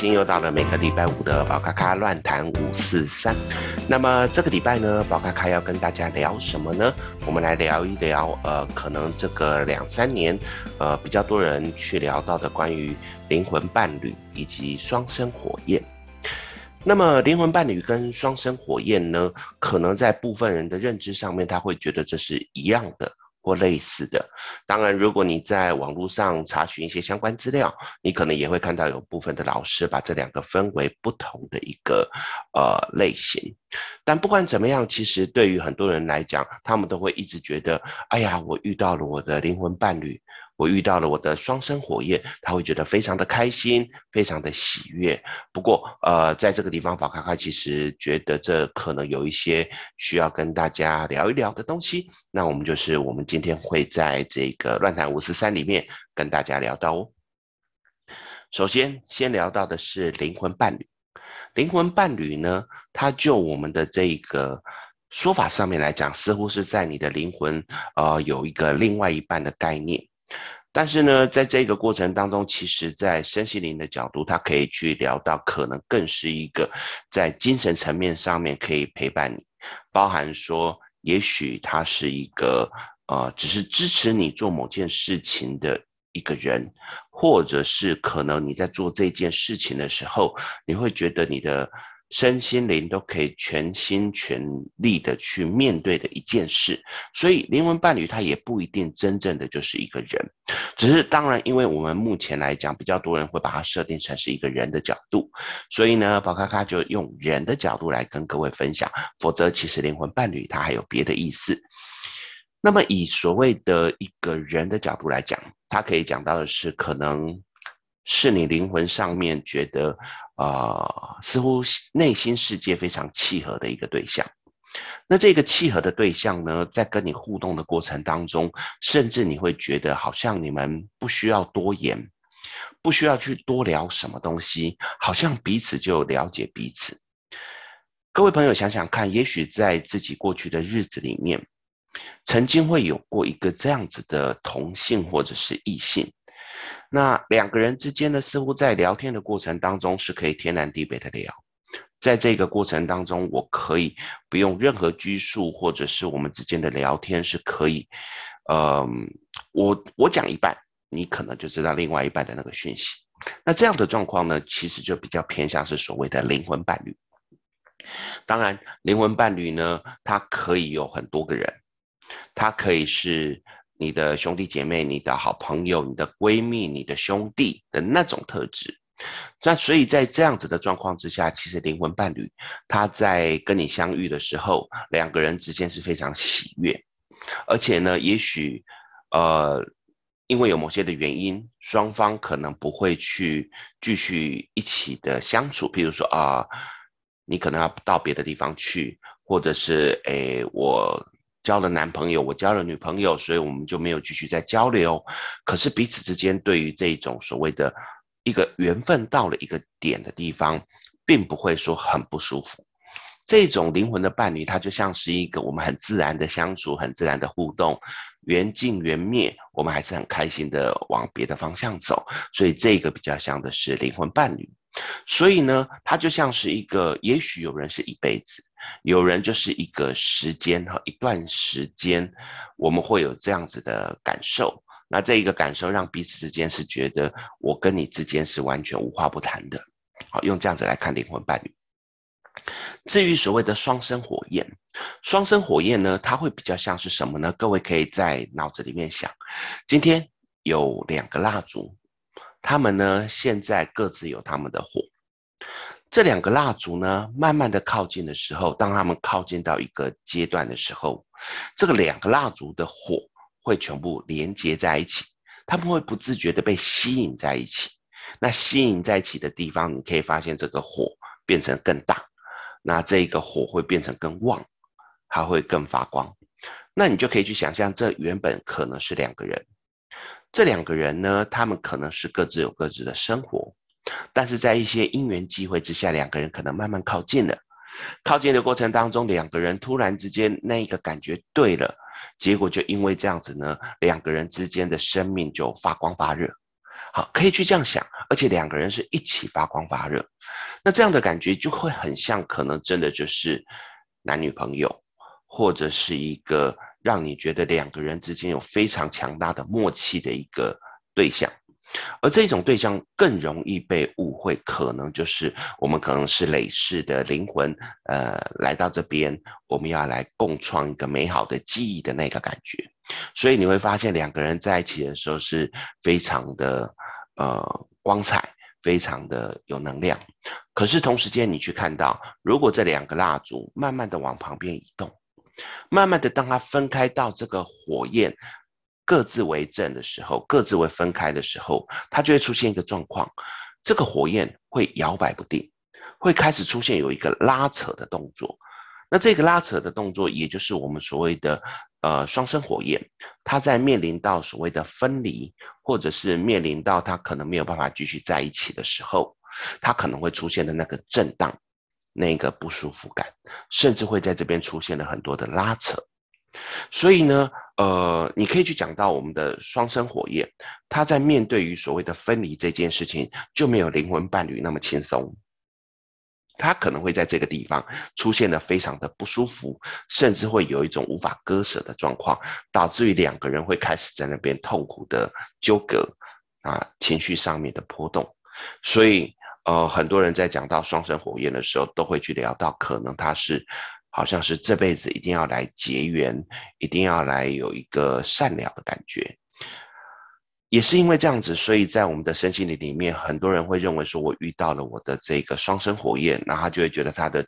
今天又到了每個禮拜五的寶咖咖亂談五四三，那麼這個禮拜呢，寶咖咖要跟大家聊什麼呢？我們來聊一聊，呃，可能這個兩三年，呃，比較多人去聊到的關於靈魂伴侶以及雙生火焰。那麼靈魂伴侶跟雙生火焰呢，可能在部分人的認知上面，他會覺得這是一樣的。或類似的，當然，如果你在網絡上查詢一些相關資料，你可能也會看到有部分的老師把這兩個分為不同的一個呃類型。但不管怎麼樣，其實對於很多人來講，他們都會一直覺得，哎呀，我遇到了我的靈魂伴侶。我遇到了我的雙生火焰，他會覺得非常的開心，非常的喜悅。不過，呃，在這個地方，寶咖咖其實覺得這可能有一些需要跟大家聊一聊的東西。那我們就是我們今天會在這個亂談五四三裡面跟大家聊到哦。首先，先聊到的是靈魂伴侶。靈魂伴侶呢，它就我們的這個說法上面來講，似乎是在你的靈魂呃有一個另外一半的概念。但是呢，在這個過程當中，其實，在身心靈的角度，他可以去聊到，可能更是一個在精神層面上面可以陪伴你，包含說，也許他是一個呃，只是支持你做某件事情的一個人，或者是可能你在做這件事情的時候，你會覺得你的。身心靈都可以全心全力的去面對的一件事，所以靈魂伴侶他也不一定真正的就是一個人，只是當然，因為我們目前來講比較多人會把它設定成是一個人的角度，所以呢，寶咖咖就用人的角度來跟各位分享，否則其實靈魂伴侶它還有別的意思。那麼以所謂的一個人的角度來講，它可以講到的是可能是你靈魂上面覺得。啊、呃，似乎內心世界非常契合的一個對象。那這個契合的對象呢，在跟你互動的過程當中，甚至你會覺得好像你們不需要多言，不需要去多聊什麼東西，好像彼此就了解彼此。各位朋友想想看，也許在自己過去的日子裡面，曾經會有過一個這樣子的同性或者是異性。那兩個人之間呢，似乎在聊天的過程當中是可以天南地北的聊，在這個過程當中，我可以不用任何拘束，或者是我們之間的聊天是可以，嗯、呃，我我講一半，你可能就知道另外一半的那個訊息。那這樣的狀況呢，其實就比較偏向是所謂的靈魂伴侶。當然，靈魂伴侶呢，它可以有很多個人，它可以是。你的兄弟姐妹、你的好朋友、你的閨蜜、你的兄弟的那種特質，那所以在這樣子的狀況之下，其實靈魂伴侶他在跟你相遇的時候，兩個人之間是非常喜悅，而且呢，也許呃，因為有某些的原因，雙方可能不會去繼續一起的相處，譬如說啊、呃，你可能要到別的地方去，或者是誒、欸、我。交了男朋友，我交了女朋友，所以我們就沒有繼續再交流。可是彼此之間對於這種所謂的一個緣分到了一個點的地方，並不會說很不舒服。這種靈魂的伴侶，它就像是一個我們很自然的相處，很自然的互動，緣盡緣滅，我們還是很開心的往別的方向走。所以這個比較像的是靈魂伴侶。所以呢，它就像是一個，也許有人是一輩子。有人就是一個時間，一段時間，我們會有這樣子的感受。那這一個感受讓彼此之間是覺得我跟你之間是完全無話不談的。好，用這樣子來看靈魂伴侶。至於所謂的雙生火焰，雙生火焰呢，它會比較像是什麼呢？各位可以在腦子裡面想，今天有兩個蠟燭，他們呢現在各自有他們的火。這兩個蠟燭呢，慢慢的靠近的時候，當它們靠近到一個階段的時候，這個兩個蠟燭的火會全部連接在一起，它們會不自覺的被吸引在一起。那吸引在一起的地方，你可以發現這個火變成更大，那這個火會變成更旺，它會更發光。那你就可以去想象，這原本可能是兩個人，這兩個人呢，他們可能是各自有各自的生活。但是在一些因緣機會之下，兩個人可能慢慢靠近了。靠近的過程當中，兩個人突然之間那一個感覺對了，結果就因為這樣子呢，兩個人之間的生命就發光發熱。好，可以去這樣想，而且兩個人是一起發光發熱。那這樣的感覺就會很像，可能真的就是男女朋友，或者是一個讓你覺得兩個人之間有非常強大的默契的一個對象。而這種對象更容易被誤會，可能就是我們可能是累世的靈魂，呃，來到這邊，我們要來共創一個美好的記憶的那個感覺。所以你會發現，兩個人在一起的時候是非常的呃光彩，非常的有能量。可是同時間，你去看到，如果這兩個蠟燭慢慢的往旁邊移動，慢慢的，當它分開到這個火焰。各自為陣的時候，各自為分開的時候，它就會出現一個狀況，這個火焰會搖擺不定，會開始出現有一個拉扯的動作。那這個拉扯的動作，也就是我們所謂的呃雙生火焰，它在面臨到所謂的分離，或者是面臨到它可能沒有辦法繼續在一起的時候，它可能會出現的那個震盪，那個不舒服感，甚至會在這邊出現了很多的拉扯。所以呢，呃，你可以去講到我們的雙生火焰，他在面對於所謂的分離這件事情，就沒有靈魂伴侶那麼輕鬆。他可能會在這個地方出現了非常的不舒服，甚至會有一種無法割捨的狀況，導致於兩個人會開始在那邊痛苦的糾葛啊，情緒上面的波動。所以，呃，很多人在講到雙生火焰的時候，都會去聊到可能他是。好像是這輩子一定要來結緣，一定要來有一個善良的感覺。也是因為這樣子，所以在我們的身心靈裡面，很多人會認為說我遇到了我的這個雙生火焰，然後他就會覺得他的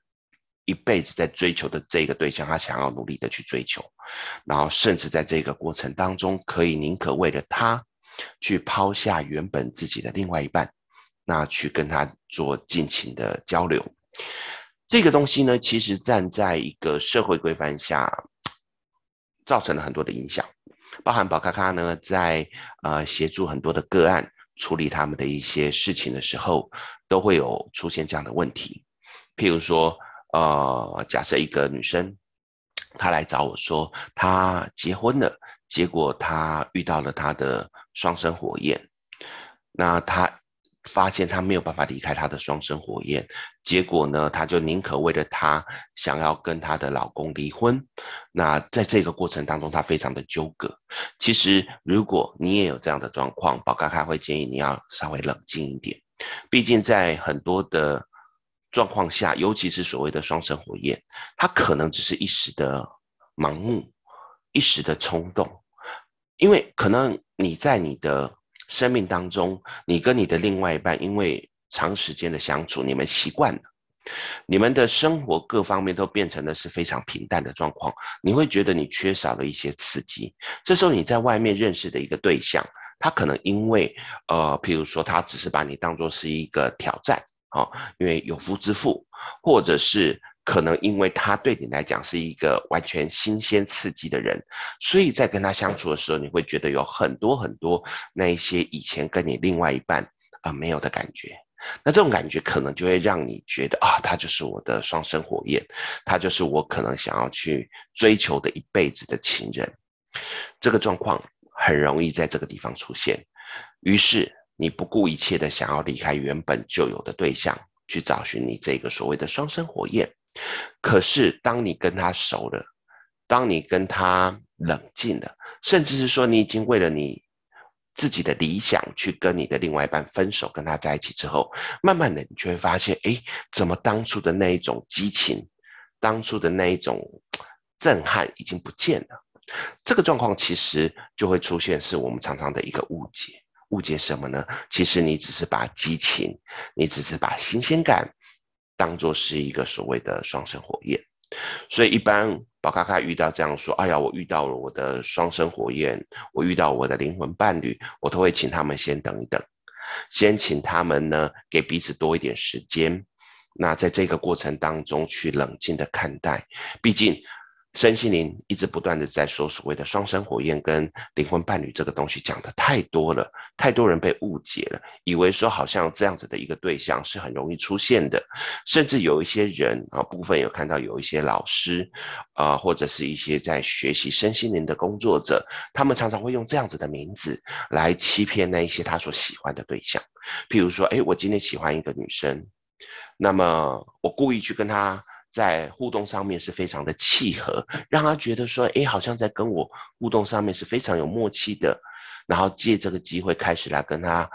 一輩子在追求的這個對象，他想要努力的去追求，然後甚至在這個過程當中，可以寧可為了他去拋下原本自己的另外一半，那去跟他做盡情的交流。這個東西呢，其實站在一個社會規範下，造成了很多的影響，包含寶咖咖呢，在呃協助很多的個案處理他們的一些事情的時候，都會有出現這樣的問題，譬如說，呃，假設一個女生，她來找我說她結婚了，結果她遇到了她的雙生火焰，那她，發現她沒有辦法離開她的雙生火焰，結果呢，她就寧可為了她想要跟她的老公離婚。那在這個過程當中，她非常的糾葛。其實，如果你也有這樣的狀況，寶咖咖會建議你要稍微冷靜一點。畢竟，在很多的狀況下，尤其是所謂的雙生火焰，它可能只是一時的盲目、一時的衝動，因為可能你在你的。生命當中，你跟你的另外一半因為長時間的相處，你們習慣了，你們的生活各方面都變成的是非常平淡的狀況。你會覺得你缺少了一些刺激。這時候你在外面認識的一個對象，他可能因為，呃，譬如說他只是把你當做是一個挑戰，哦，因為有夫之婦，或者是。可能因為他對你來講是一個完全新鮮刺激的人，所以在跟他相處的時候，你會覺得有很多很多那一些以前跟你另外一半啊、呃、沒有的感覺。那這種感覺可能就會讓你覺得啊，他就是我的雙生火焰，他就是我可能想要去追求的一輩子的情人。這個狀況很容易在這個地方出現，於是你不顧一切的想要離開原本就有的對象，去找尋你這個所謂的雙生火焰。可是，當你跟他熟了，當你跟他冷靜了，甚至是說你已經為了你自己的理想去跟你的另外一半分手，跟他在一起之後，慢慢的你就會發現，哎，怎麼當初的那一種激情，當初的那一種震撼已經不見了？這個狀況其實就會出現，是我們常常的一個誤解。誤解什麼呢？其實你只是把激情，你只是把新鮮感。當做是一個所謂的雙生火焰，所以一般寶咖咖遇到這樣說，哎呀，我遇到了我的雙生火焰，我遇到我的靈魂伴侶，我都會請他們先等一等，先請他們呢給彼此多一點時間，那在這個過程當中去冷靜的看待，畢竟。身心靈一直不斷地在說所謂的雙生火焰跟靈魂伴侶這個東西講得太多了，太多人被誤解了，以為說好像這樣子的一個對象是很容易出現的，甚至有一些人啊、哦，部分有看到有一些老師，啊、呃、或者是一些在學習身心靈的工作者，他們常常會用這樣子的名字來欺騙那一些他所喜歡的對象，譬如說，誒，我今天喜歡一個女生，那麼我故意去跟她，在互動上面是非常的契合，讓他覺得說，誒，好像在跟我互動上面是非常有默契的。然後借這個機會開始來跟他，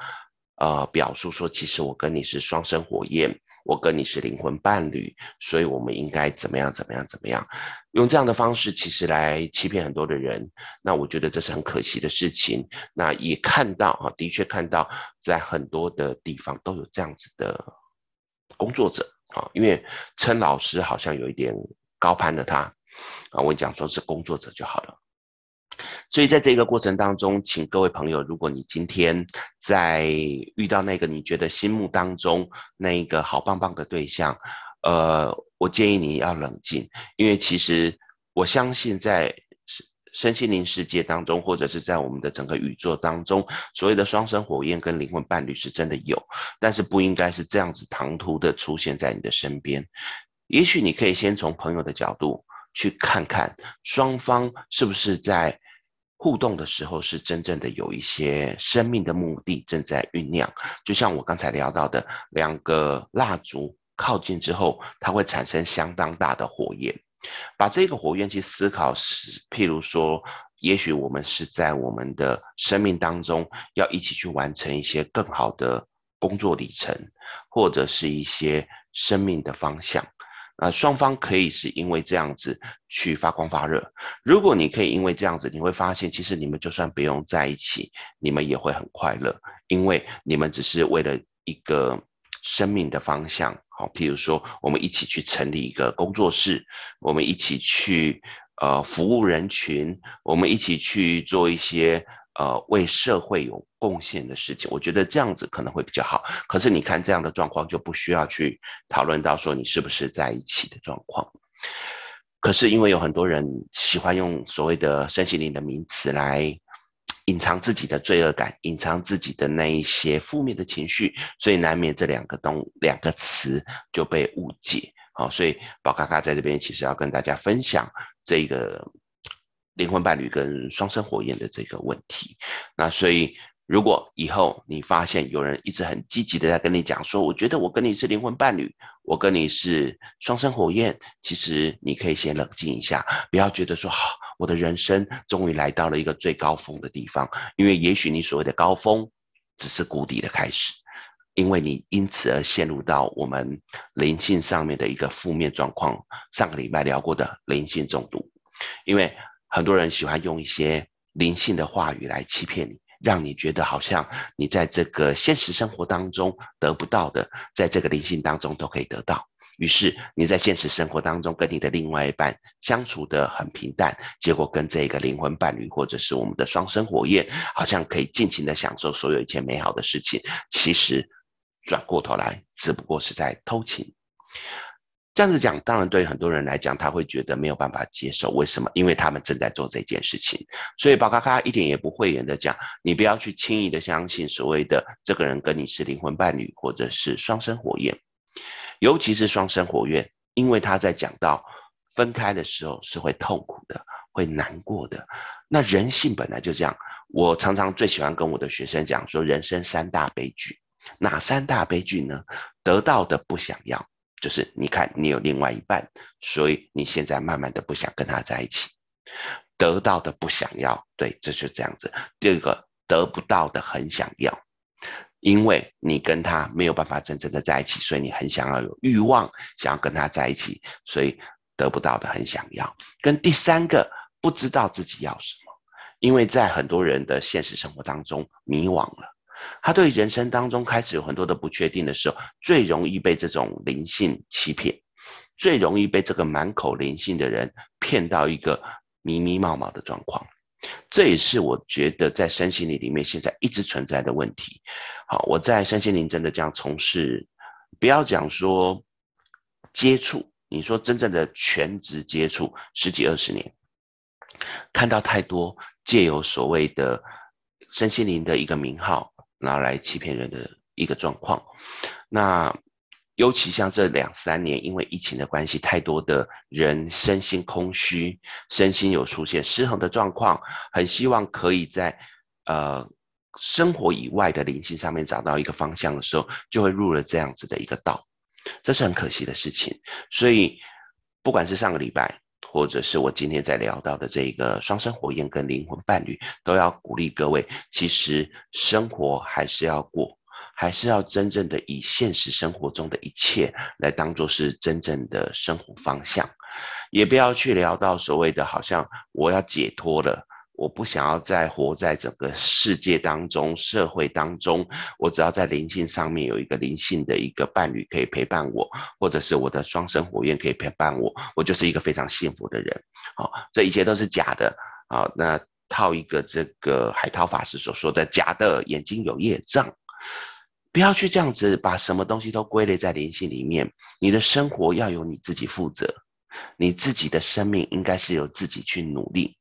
呃，表述說，其實我跟你是雙生火焰，我跟你是靈魂伴侶，所以我們應該怎麼樣怎麼樣怎麼樣，用這樣的方式其實來欺騙很多的人。那我覺得這是很可惜的事情。那也看到，啊，的確看到，在很多的地方都有這樣子的工作者。好，因為陳老師好像有一點高攀了他，啊，我講說是工作者就好了。所以在這個過程當中，請各位朋友，如果你今天在遇到那個你覺得心目當中那一個好棒棒的對象，呃，我建議你要冷靜，因為其實我相信在。身心靈世界當中，或者是在我們的整個宇宙當中，所謂的雙生火焰跟靈魂伴侶是真的有，但是不應該是這樣子唐突的出現在你的身邊。也許你可以先從朋友的角度去看看，雙方是不是在互動的時候是真正的有一些生命的目的正在醞釀。就像我剛才聊到的，兩個蠟燭靠近之後，它會產生相當大的火焰。把這個火焰去思考，是譬如說，也許我們是在我們的生命當中要一起去完成一些更好的工作里程，或者是一些生命的方向。那、呃、雙方可以是因為這樣子去發光發熱。如果你可以因為這樣子，你會發現，其實你們就算不用在一起，你們也會很快樂，因為你們只是為了一個。生命的方向，好，譬如說，我們一起去成立一個工作室，我們一起去呃服務人群，我們一起去做一些呃為社會有貢獻的事情。我覺得這樣子可能會比較好。可是你看這樣的狀況就不需要去討論到說你是不是在一起的狀況。可是因為有很多人喜歡用所謂的“身心靈”的名詞來。隱藏自己的罪惡感，隱藏自己的那一些負面的情緒，所以難免這兩個東兩個詞就被誤解。好、哦，所以寶咖咖在這邊其實要跟大家分享這一個靈魂伴侶跟雙生火焰的這個問題。那所以。如果以後你發現有人一直很積極的在跟你講說，我覺得我跟你是靈魂伴侶，我跟你是雙生火焰，其實你可以先冷靜一下，不要覺得說好、啊，我的人生終於來到了一個最高峰的地方，因為也許你所謂的高峰只是谷底的開始，因為你因此而陷入到我們靈性上面的一個負面狀況。上個禮拜聊過的靈性中毒，因為很多人喜歡用一些靈性的話語來欺騙你。讓你覺得好像你在這個現實生活當中得不到的，在這個靈性當中都可以得到。於是你在現實生活當中跟你的另外一半相處得很平淡，結果跟這個靈魂伴侶或者是我們的雙生火焰，好像可以盡情的享受所有一切美好的事情。其實，轉過頭來，只不過是在偷情。這樣子講，當然對很多人來講，他會覺得沒有辦法接受。為什麼？因為他們正在做這件事情。所以寶咖咖一點也不諱言的講，你不要去輕易的相信所謂的這個人跟你是靈魂伴侶，或者是雙生火焰，尤其是雙生火焰，因為他在講到分開的時候是會痛苦的，會難過的。那人性本來就這樣。我常常最喜歡跟我的學生講說，人生三大悲劇，哪三大悲劇呢？得到的不想要。就是你看你有另外一半，所以你現在慢慢的不想跟他在一起，得到的不想要，對，這就是這樣子。第二個，得不到的很想要，因為你跟他沒有辦法真正的在一起，所以你很想要有慾望，想要跟他在一起，所以得不到的很想要。跟第三個，不知道自己要什麼，因為在很多人的現實生活當中迷惘了。他對人生當中開始有很多的不確定的時候，最容易被這種靈性欺騙，最容易被這個滿口靈性的人騙到一個迷迷茫茫的狀況。這也是我覺得在身心靈裡面現在一直存在的問題。好，我在身心靈真的這樣從事，不要講說接觸，你說真正的全職接觸，十幾二十年，看到太多藉由所謂的身心靈的一個名號拿來欺騙人的一個狀況，那尤其像這兩三年，因為疫情的關係，太多的人身心空虛，身心有出現失衡的狀況，很希望可以在呃生活以外的靈性上面找到一個方向的時候，就會入了這樣子的一個道，這是很可惜的事情。所以，不管是上個禮拜。或者是我今天在聊到的這一個雙生火焰跟靈魂伴侶，都要鼓勵各位，其實生活還是要過，還是要真正的以現實生活中的一切來當做是真正的生活方向，也不要去聊到所謂的好像我要解脫了。我不想要再活在整個世界當中、社會當中，我只要在靈性上面有一個靈性的一個伴侶可以陪伴我，或者是我的雙生火焰可以陪伴我，我就是一個非常幸福的人。好、哦，這一切都是假的。好、哦，那套一個這個海濤法師所說的“假的眼睛有業障”，不要去這樣子把什麼東西都歸類在靈性裡面。你的生活要由你自己負責，你自己的生命應該是由自己去努力。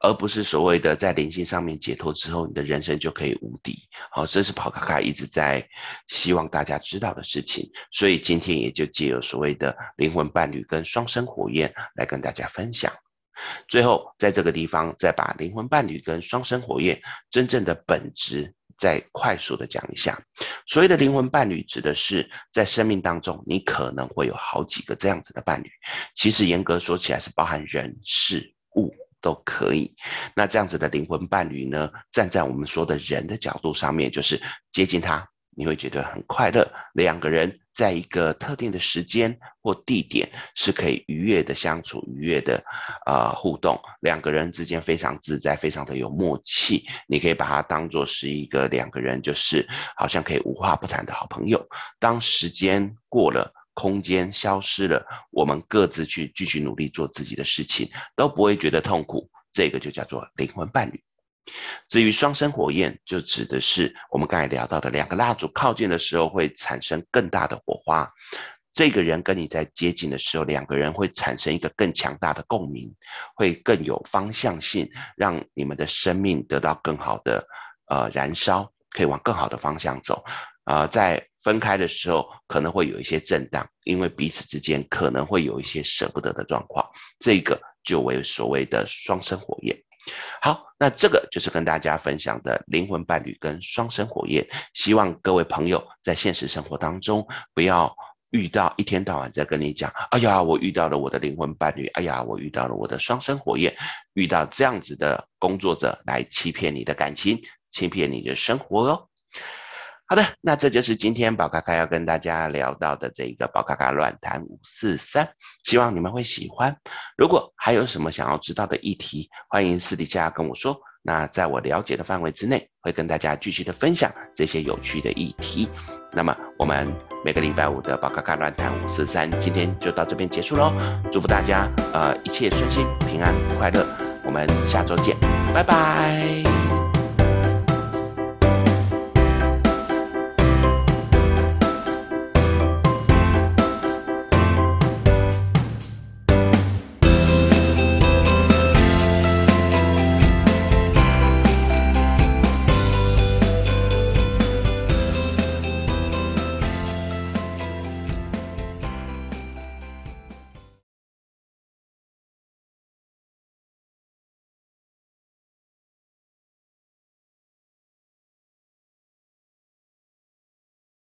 而不是所謂的在靈性上面解脫之後，你的人生就可以無敵。好，這是寶咖咖一直在希望大家知道的事情，所以今天也就借由所謂的靈魂伴侶跟雙生火焰來跟大家分享。最後，在這個地方再把靈魂伴侶跟雙生火焰真正的本質再快速的講一下。所謂的靈魂伴侶，指的是在生命當中你可能會有好幾個這樣子的伴侶，其實嚴格說起來是包含人事。都可以，那這樣子的靈魂伴侶呢，站在我們說的人的角度上面，就是接近他，你會覺得很快樂。兩個人在一個特定的時間或地點，是可以愉悅的相處，愉悅的呃互動。兩個人之間非常自在，非常的有默契。你可以把它當做是一個兩個人，就是好像可以無話不談的好朋友。當時間過了，空間消失了，我們各自去繼續努力做自己的事情，都不會覺得痛苦。這個就叫做靈魂伴侶。至於雙生火焰，就指的是我們剛才聊到的兩個蠟燭靠近的時候會產生更大的火花。這個人跟你在接近的時候，兩個人會產生一個更強大的共鳴，會更有方向性，讓你們的生命得到更好的呃燃燒，可以往更好的方向走。啊、呃，在。分開的時候可能會有一些震盪，因為彼此之間可能會有一些捨不得的狀況。這個就為所謂的雙生火焰。好，那這個就是跟大家分享的靈魂伴侶跟雙生火焰。希望各位朋友在現實生活當中不要遇到一天到晚在跟你講：“哎呀，我遇到了我的靈魂伴侶，哎呀，我遇到了我的雙生火焰，遇到這樣子的工作者來欺騙你的感情，欺騙你的生活哦。”好的，那這就是今天寶咖咖要跟大家聊到的這個寶咖咖亂談五四三，希望你們會喜歡。如果還有什麼想要知道的議題，歡迎私底下跟我說，那在我了解的範圍之內，會跟大家繼續的分享這些有趣的議題。那麼我們每個禮拜五的寶咖咖亂談五四三，今天就到這邊結束嘍。祝福大家，呃，一切順心、平安、快樂，我們下周見，拜拜。